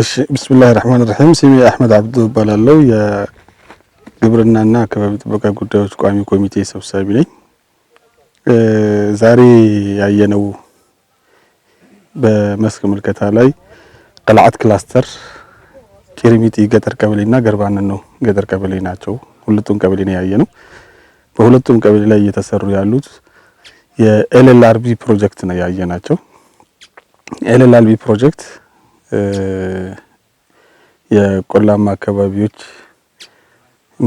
እሺ ብስሚላህ ራህማን ራሂም። ስሜ አህመድ አብዱ እባላለሁ። የግብርናና አካባቢ ጥበቃ ጉዳዮች ቋሚ ኮሚቴ ሰብሳቢ ነኝ። ዛሬ ያየነው በመስክ ምልከታ ላይ ቅልዓት ክላስተር ቂርሚጢ ገጠር ቀበሌና ገርባንን ነው ገጠር ቀበሌ ናቸው። ሁለቱም ቀበሌ ነው ያየነው። በሁለቱም ቀበሌ ላይ እየተሰሩ ያሉት የኤልኤልአርቢ ፕሮጀክት ነው ያየናቸው። ኤልኤልአልቢ ፕሮጀክት የቆላማ አካባቢዎች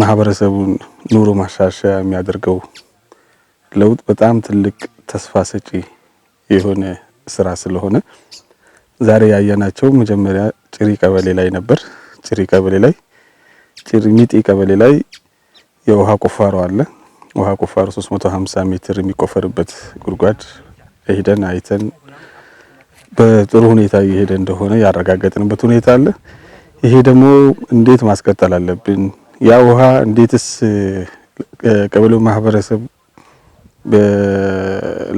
ማህበረሰቡን ኑሮ ማሻሻያ የሚያደርገው ለውጥ በጣም ትልቅ ተስፋ ሰጪ የሆነ ስራ ስለሆነ ዛሬ ያየናቸው መጀመሪያ ጭሪ ቀበሌ ላይ ነበር። ጭሪ ቀበሌ ላይ ጭሪ ሚጢ ቀበሌ ላይ የውሃ ቁፋሮ አለ። ውሃ ቁፋሮ 350 ሜትር የሚቆፈርበት ጉድጓድ ሄደን አይተን በጥሩ ሁኔታ እየሄደ እንደሆነ ያረጋገጥንበት ሁኔታ አለ። ይሄ ደግሞ እንዴት ማስቀጠል አለብን፣ ያ ውሃ እንዴትስ ቀበሌው ማህበረሰብ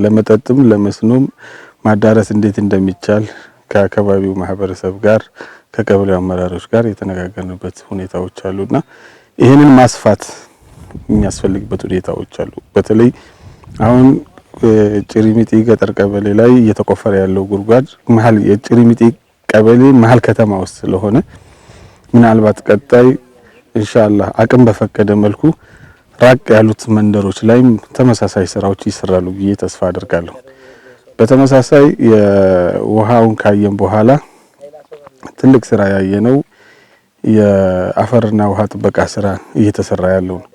ለመጠጥም ለመስኖም ማዳረስ እንዴት እንደሚቻል ከአካባቢው ማህበረሰብ ጋር ከቀበሌው አመራሮች ጋር የተነጋገርንበት ሁኔታዎች አሉ እና ይህንን ማስፋት የሚያስፈልግበት ሁኔታዎች አሉ። በተለይ አሁን የጭሪሚጢ ገጠር ቀበሌ ላይ እየተቆፈረ ያለው ጉድጓድ መሀል የጭሪሚጢ ቀበሌ መሀል ከተማ ውስጥ ስለሆነ ምናልባት ቀጣይ ኢንሻአላህ አቅም በፈቀደ መልኩ ራቅ ያሉት መንደሮች ላይም ተመሳሳይ ስራዎች ይሰራሉ ብዬ ተስፋ አድርጋለሁ። በተመሳሳይ የውሃውን ካየን በኋላ ትልቅ ስራ ያየነው የአፈርና ውሃ ጥበቃ ስራ እየተሰራ ያለው ነው።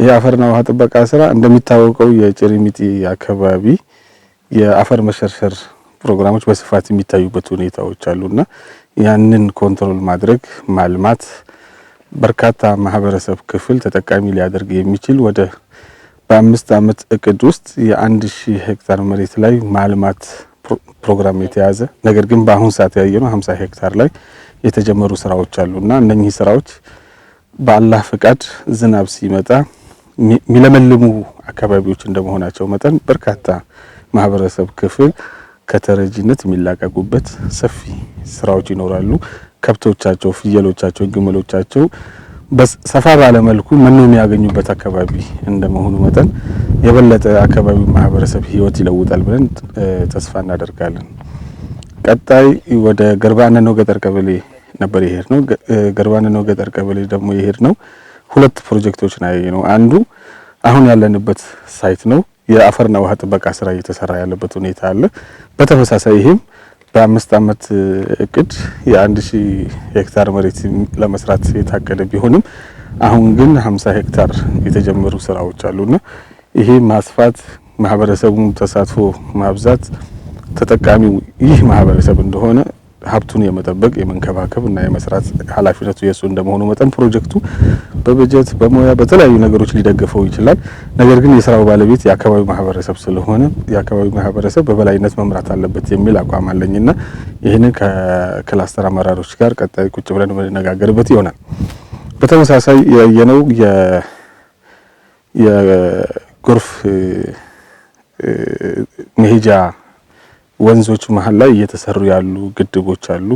ይህ አፈርና ውሃ ጥበቃ ስራ እንደሚታወቀው የጭርሚጢ አካባቢ የአፈር መሸርሸር ፕሮግራሞች በስፋት የሚታዩበት ሁኔታዎች አሉና ያንን ኮንትሮል ማድረግ ማልማት በርካታ ማህበረሰብ ክፍል ተጠቃሚ ሊያደርግ የሚችል ወደ በአምስት ዓመት እቅድ ውስጥ የአንድ ሺህ ሄክታር መሬት ላይ ማልማት ፕሮግራም የተያዘ ነገር ግን በአሁን ሰዓት ያየነው ሀምሳ ሄክታር ላይ የተጀመሩ ስራዎች አሉና እነኚህ ስራዎች በአላህ ፍቃድ ዝናብ ሲመጣ የሚለመልሙ አካባቢዎች እንደመሆናቸው መጠን በርካታ ማህበረሰብ ክፍል ከተረጂነት የሚላቀቁበት ሰፊ ስራዎች ይኖራሉ። ከብቶቻቸው፣ ፍየሎቻቸው፣ ግመሎቻቸው ሰፋ ባለ መልኩ መኖ የሚያገኙበት አካባቢ እንደመሆኑ መጠን የበለጠ አካባቢ ማህበረሰብ ህይወት ይለውጣል ብለን ተስፋ እናደርጋለን። ቀጣይ ወደ ገርባነኖ ገጠር ቀበሌ ነበር የሄድ ነው። ገርባነኖ ገጠር ቀበሌ ደግሞ የሄድ ነው ሁለት ፕሮጀክቶች ነው። አንዱ አሁን ያለንበት ሳይት ነው። የአፈርና ውሃ ጥበቃ ስራ እየተሰራ ያለበት ሁኔታ አለ። በተመሳሳይ ይህም በአምስት ዓመት እቅድ የአንድ ሺህ ሄክታር መሬት ለመስራት የታቀደ ቢሆንም አሁን ግን 50 ሄክታር የተጀመሩ ስራዎች አሉና ይሄ ማስፋት ማህበረሰቡን ተሳትፎ ማብዛት ተጠቃሚው ይህ ማህበረሰብ እንደሆነ ሀብቱን የመጠበቅ የመንከባከብ እና የመስራት ኃላፊነቱ የእሱ እንደመሆኑ መጠን ፕሮጀክቱ በበጀት በሙያ በተለያዩ ነገሮች ሊደግፈው ይችላል። ነገር ግን የስራው ባለቤት የአካባቢው ማህበረሰብ ስለሆነ የአካባቢው ማህበረሰብ በበላይነት መምራት አለበት የሚል አቋም አለኝና ይህንን ከክላስተር አመራሮች ጋር ቀጣይ ቁጭ ብለን የምንነጋገርበት ይሆናል። በተመሳሳይ ያየነው የጎርፍ መሄጃ ወንዞች መሀል ላይ እየተሰሩ ያሉ ግድቦች አሉ።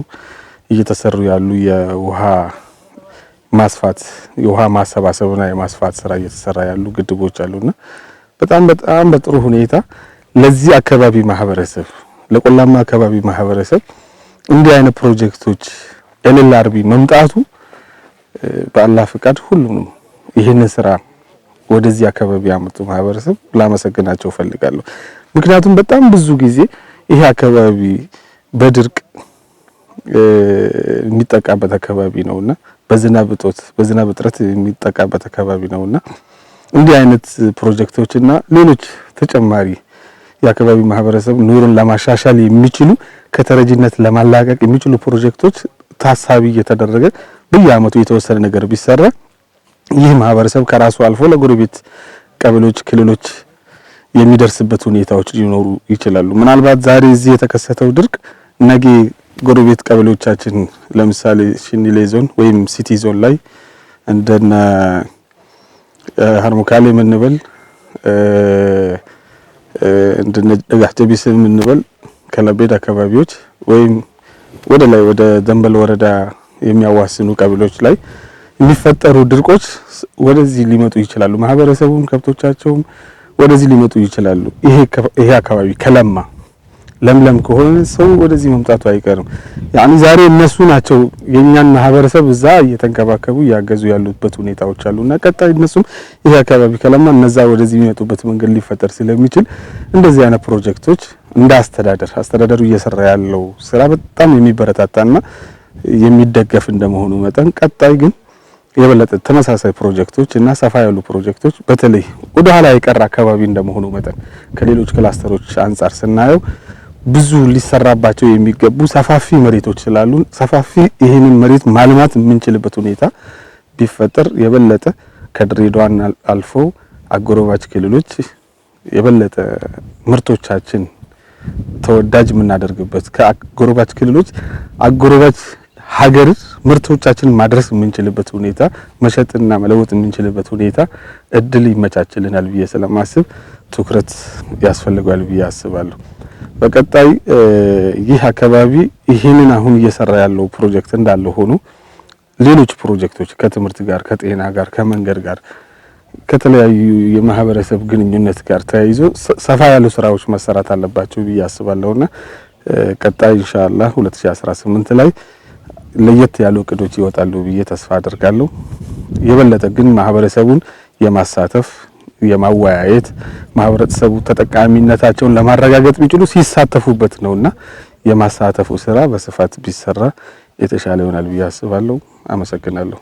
እየተሰሩ ያሉ የውሃ ማስፋት የውሃ ማሰባሰብና የማስፋት ስራ እየተሰራ ያሉ ግድቦች አሉና በጣም በጣም በጥሩ ሁኔታ ለዚህ አካባቢ ማህበረሰብ ለቆላማ አካባቢ ማህበረሰብ እንዲህ አይነት ፕሮጀክቶች ኤል መምጣቱ በአላህ ፍቃድ ሁሉንም ይህንን ስራ ወደዚህ አካባቢ ያመጡ ማህበረሰብ ላመሰግናቸው እፈልጋለሁ። ምክንያቱም በጣም ብዙ ጊዜ ይሄ አካባቢ በድርቅ የሚጠቃበት አካባቢ ነውና በዝናብ እጦት በዝናብ እጥረት የሚጠቃበት አካባቢ ነውና እንዲህ አይነት ፕሮጀክቶች እና ሌሎች ተጨማሪ የአካባቢ ማህበረሰብ ኑሮን ለማሻሻል የሚችሉ ከተረጂነት ለማላቀቅ የሚችሉ ፕሮጀክቶች ታሳቢ እየተደረገ በየአመቱ የተወሰነ ነገር ቢሰራ ይህ ማህበረሰብ ከራሱ አልፎ ለጎረቤት ቀበሌዎች፣ ክልሎች የሚደርስበት ሁኔታዎች ሊኖሩ ይችላሉ። ምናልባት ዛሬ እዚህ የተከሰተው ድርቅ ነገ ጎረቤት ቀበሌዎቻችን ለምሳሌ ሽኒሌ ዞን ወይም ሲቲ ዞን ላይ እንደነ ሀርሙካሌ የምንበል እንደነ ጀቢስ የምንበል ከለቤድ አካባቢዎች ወይም ወደ ላይ ወደ ዘንበል ወረዳ የሚያዋስኑ ቀበሌዎች ላይ የሚፈጠሩ ድርቆች ወደዚህ ሊመጡ ይችላሉ። ማህበረሰቡም ከብቶቻቸውም ወደዚህ ሊመጡ ይችላሉ። ይሄ አካባቢ ከለማ ለምለም ከሆነ ሰው ወደዚህ መምጣቱ አይቀርም። ያኒ ዛሬ እነሱ ናቸው የኛን ማህበረሰብ እዛ እየተንከባከቡ እያገዙ ያሉበት ሁኔታዎች እና ቀጣይ እነሱም ይሄ አካባቢ ከለማ እነዛ ወደዚህ የሚመጡበት መንገድ ሊፈጠር ስለሚችል እንደዚህ አይነት ፕሮጀክቶች እንደ አስተዳደር አስተዳደሩ እየሰራ ያለው ስራ በጣም የሚበረታታና የሚደገፍ እንደመሆኑ መጠን ቀጣይ ግን የበለጠ ተመሳሳይ ፕሮጀክቶች እና ሰፋ ያሉ ፕሮጀክቶች በተለይ ወደ ኋላ የቀረ አካባቢ እንደመሆኑ መጠን ከሌሎች ክላስተሮች አንጻር ስናየው ብዙ ሊሰራባቸው የሚገቡ ሰፋፊ መሬቶች ስላሉ ሰፋፊ ይህንን መሬት ማልማት የምንችልበት ሁኔታ ቢፈጠር የበለጠ ከድሬዳዋን አልፎ አጎራባች ክልሎች የበለጠ ምርቶቻችን ተወዳጅ የምናደርግበት ከአጎራባች ክልሎች አጎራባች ሀገር ምርቶቻችን ማድረስ የምንችልበት ሁኔታ መሸጥና መለወጥ የምንችልበት ሁኔታ እድል ይመቻችልናል ብዬ ስለማስብ ትኩረት ያስፈልገዋል ብዬ አስባለሁ። በቀጣይ ይህ አካባቢ ይህንን አሁን እየሰራ ያለው ፕሮጀክት እንዳለ ሆኖ ሌሎች ፕሮጀክቶች ከትምህርት ጋር፣ ከጤና ጋር፣ ከመንገድ ጋር፣ ከተለያዩ የማህበረሰብ ግንኙነት ጋር ተያይዞ ሰፋ ያሉ ስራዎች መሰራት አለባቸው ብዬ አስባለሁና ቀጣይ ኢንሻአላህ 2018 ላይ ለየት ያሉ እቅዶች ይወጣሉ ብዬ ተስፋ አደርጋለሁ። የበለጠ ግን ማህበረሰቡን የማሳተፍ የማወያየት ማህበረሰቡ ተጠቃሚነታቸውን ለማረጋገጥ ቢችሉ ሲሳተፉበት ነውና የማሳተፉ ስራ በስፋት ቢሰራ የተሻለ ይሆናል ብዬ አስባለሁ። አመሰግናለሁ።